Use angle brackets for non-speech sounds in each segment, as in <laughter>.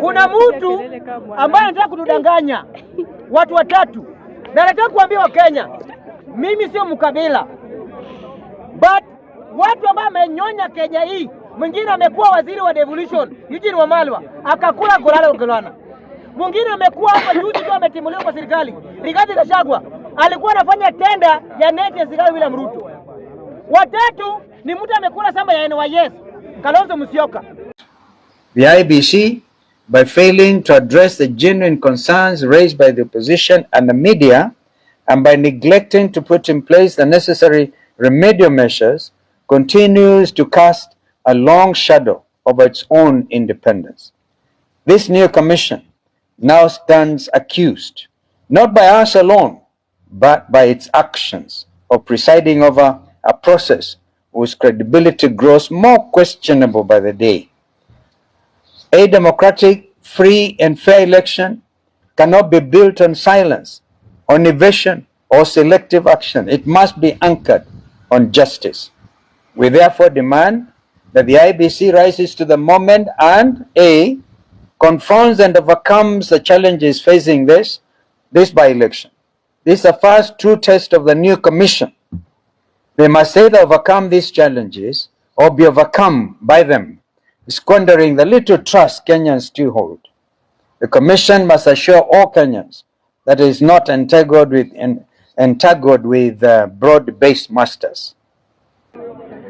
Kuna mtu ambaye anataka kutudanganya <laughs> watu watatu, na nataka kuambia Wakenya, mimi sio mkabila, but watu ambao amenyonya Kenya hii, mwingine amekuwa waziri wa devolution Eugene Wamalwa akakula kulala golana, mwingine amekuwa hapa juzi tu ametimuliwa kwa serikali Rigathi Gachagua alikuwa anafanya tenda ya neti ya serikali William Ruto. Watatu ni mtu amekula samba ya NYS Kalonzo Musyoka. The IBC by failing to address the genuine concerns raised by the opposition and the media, and by neglecting to put in place the necessary remedial measures, continues to cast a long shadow over its own independence. This new commission now stands accused, not by us alone, but by its actions of presiding over a process whose credibility grows more questionable by the day a democratic, free, and fair election cannot be built on silence, on evasion, or selective action. It must be anchored on justice. We therefore demand that the IBC rises to the moment and A, confronts and overcomes the challenges facing this, this by-election. This is the first true test of the new commission. They must either overcome these challenges or be overcome by them squandering the little trust Kenyans still hold. The Commission must assure all Kenyans that it is not entangled with, en, entangled with uh, broad-based masters.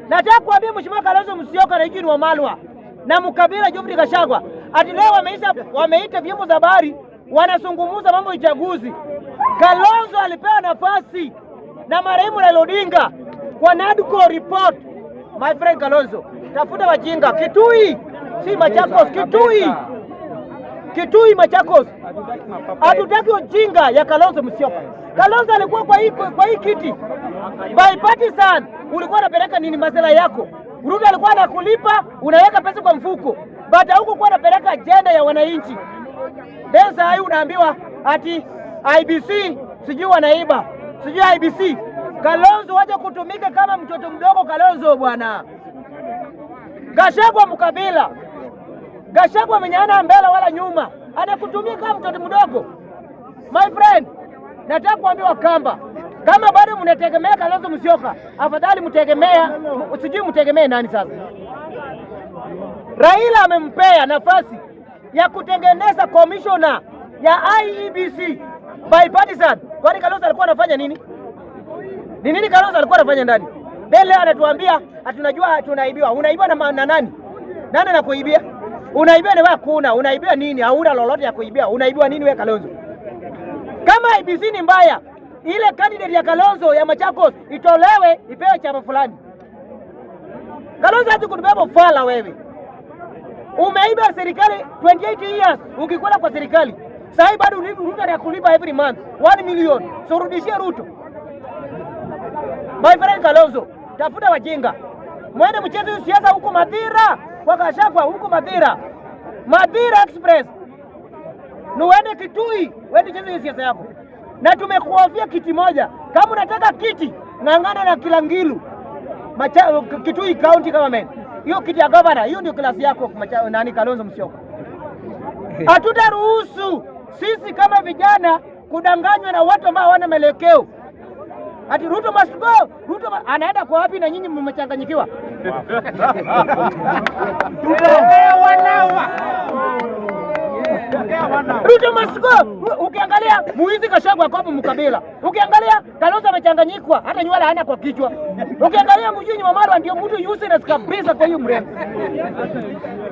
Nataka kuambia Mheshimiwa Kalonzo Musyoka na Eugene Wamalwa na Mkabira Jofrey Gachagua ati leo wameisha wameita vyombo vya habari wanazungumza mambo ya uchaguzi. Kalonzo alipewa nafasi na marehemu Raila Odinga kwa NADCO report my friend Kalonzo, tafuta wajinga Kitui, si Machakos. Kitui, Kitui, Machakos. Hatutaki ujinga ya Kalonzo Musyoka. Kalonzo alikuwa kwa hii kwa hii kiti by ulikuwa unapeleka nini masala yako? Ruto alikuwa anakulipa, unaweka pesa kwa mfuko, but huko kwa unapeleka ajenda ya wananchi. Then saa hii unaambiwa ati IBC sijui wanaiba, sijui IBC Kalonzo waje kutumika kama mtoto mdogo. Kalonzo bwana Gashagwa mkabila, Gashagwa mwenye ana mbele wala nyuma, anakutumia kama mtoto mdogo. My friend, nataka kuambiwa kamba kama bado mnategemea Kalonzo Musyoka, afadhali mtegemea sijui mtegemee nani sasa. Raila amempea nafasi ya kutengeneza komishona ya IEBC bipartisan, kwani Kalonzo alikuwa anafanya nini? Ni nini Kalonzo alikuwa anafanya ndani? Bele anatuambia hatunajua tunaibiwa. Unaibiwa na, na nani? Nani anakuibia? Unaibiwa ni wewe kuna, unaibiwa nini? Hauna lolote ya kuibia. Unaibiwa nini wewe Kalonzo? Kama IBC ni mbaya, ile candidate ya Kalonzo ya Machakos itolewe ipewe chama fulani. Kalonzo hata kunibeba fala wewe. Umeiba serikali 28 years ukikula kwa serikali. Sasa bado unarudi kulipa every month 1 million. So rudishie Ruto. My friend Kalonzo, tafuta wajinga, mwende mcheze hiyo siasa huko Madhira kwa Kashakwa, huko Madhira, Madhira Express, nuende Kitui, wende cheze siasa yako, na tumekuofia kiti moja. Kama unataka kiti, ng'ang'ana na Kilangilu Macha, Kitui County Government, hiyo kiti ya governor, hiyo ndio klasi yako Macha, nani Kalonzo Musyoka. Hatutaruhusu sisi kama vijana kudanganywa na watu ambao hawana maelekeo ati Ruto must go, Ruto ma... anaenda kwa wapi na nyinyi mmechanganyikiwa? Ruto must go. Ukiangalia Muizi Kashagwa Kobu Mkabila, ukiangalia Kalonzo amechanganyikwa, hata nywele hana kwa kichwa. Ukiangalia wa marwa ndio mtu useless kabisa kwa hiyo mrembo.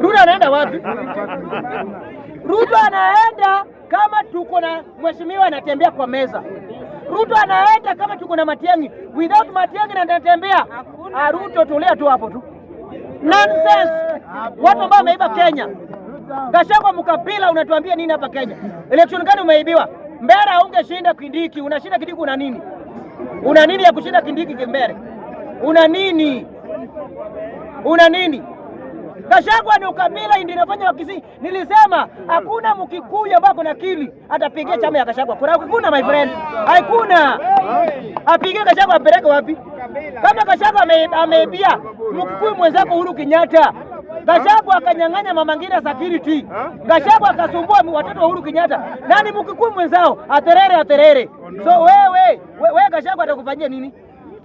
Ruto anaenda wapi? Ruto anaenda kama tuko na mheshimiwa anatembea kwa meza Ruto anaenda kama tuko na Matiang'i. Without Matiang'i na natembea ah, Ruto, tulia tu hapo tu nonsense. Watu ambao wameiba Kenya, gashagwa mkapila, unatuambia nini hapa Kenya? Election gani umeibiwa? Mbere haungeshinda Kindiki, unashinda Kindiki, una nini? Una nini ya kushinda Kindiki Kimbere? Una nini? Una nini? Gachagua ni ukabila ndinafanya wakisi. Nilisema mm. hakuna mkikuyu ambaye kuna akili atapigia chama ya Gachagua kura, hakuna my friend, hakuna apigie Gachagua. Apeleke wapi? Kama Gachagua ameibia mkikuyu mwenzako Uhuru Kenyatta Gachagua akanyang'anya Mama Ngina security. Gachagua akasumbua watoto wa Uhuru Kenyatta. Nani mkikuyu mwenzao? Aterere, aterere. So wewe wewe, Gachagua atakufanyia nini?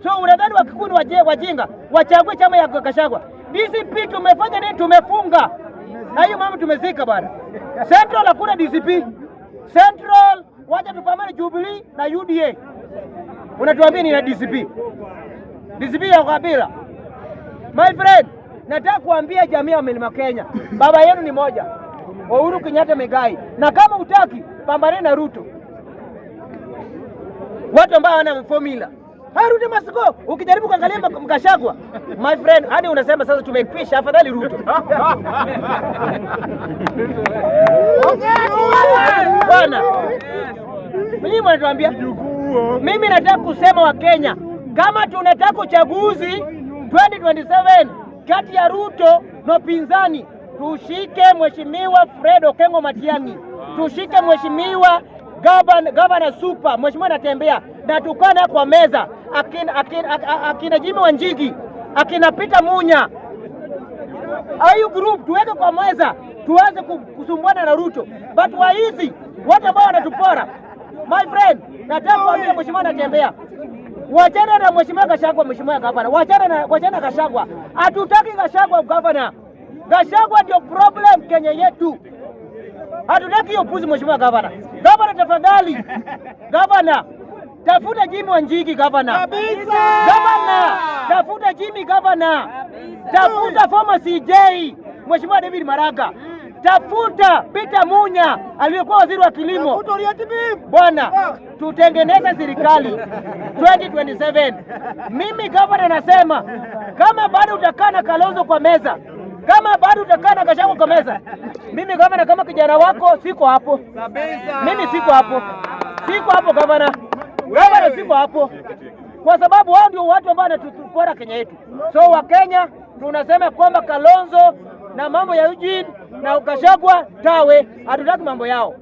So unadhani wakikuyu ni wajinga wachague chama ya Gachagua? DCP tumefanya nini? Tumefunga na hiyo mama, tumezika bwana. Central hakuna DCP Central, waje tupambane Jubilee na UDA. Unatuambia nina DCP, DCP ya kabila. My friend, nataka kuambia jamii ya mlima Kenya, baba yenu ni moja, Uhuru Kenyatta Megai. na kama utaki pambane na Ruto, watu ambao wana formula Ruto Masiko, ukijaribu kuangalia Mkashagwa, my friend, yani unasema sasa tumekwisha, afadhali Ruto bwana. Mlima anatuambia mimi nataka kusema wa Kenya, kama tunataka uchaguzi 2027 kati ya Ruto na pinzani, tushike mheshimiwa Fred Okengo Matiang'i, tushike mheshimiwa gavana Super, mheshimiwa anatembea natukana kwa meza akina, akina, akina, akina Jimi Wanjigi akina Peter Munya ayu group tuweke kwa meza tuanze kusumbwana na Ruto, but hizi watu ambao wanatupora. My friend, nataka kuambia mheshimiwa anatembea, wachana na mheshimiwa Gashagwa, mheshimiwa gavana, wachana na wachana Gashagwa, hatutaki Gashagwa gavana. Gashagwa ndio problem Kenya yetu, hatutaki hiyo puzi mheshimiwa gavana. Gavana tafadhali, gavana Tafuta Jimmy Wanjigi gavana. Kabisa. Gavana. Tafuta Jimmy gavana. Kabisa. Tafuta former CJ Mheshimiwa David Maraga. Mm. Tafuta Peter Munya aliyekuwa waziri wa kilimo. Bwana, ah. tutengeneze serikali 2027. Mimi gavana nasema kama bado utakaa na Kalonzo kwa meza, kama bado utakaa na Gachagua kwa meza, mimi gavana, kama kijana wako siko hapo. Kabisa. Mimi siko hapo, siko hapo gavana wewe lazima hapo, kwa sababu wao ndio watu ambao wanatupora Kenya yetu. So Wakenya tunasema kwamba Kalonzo na mambo ya Eugene na ukashagwa tawe, hatutaki mambo yao.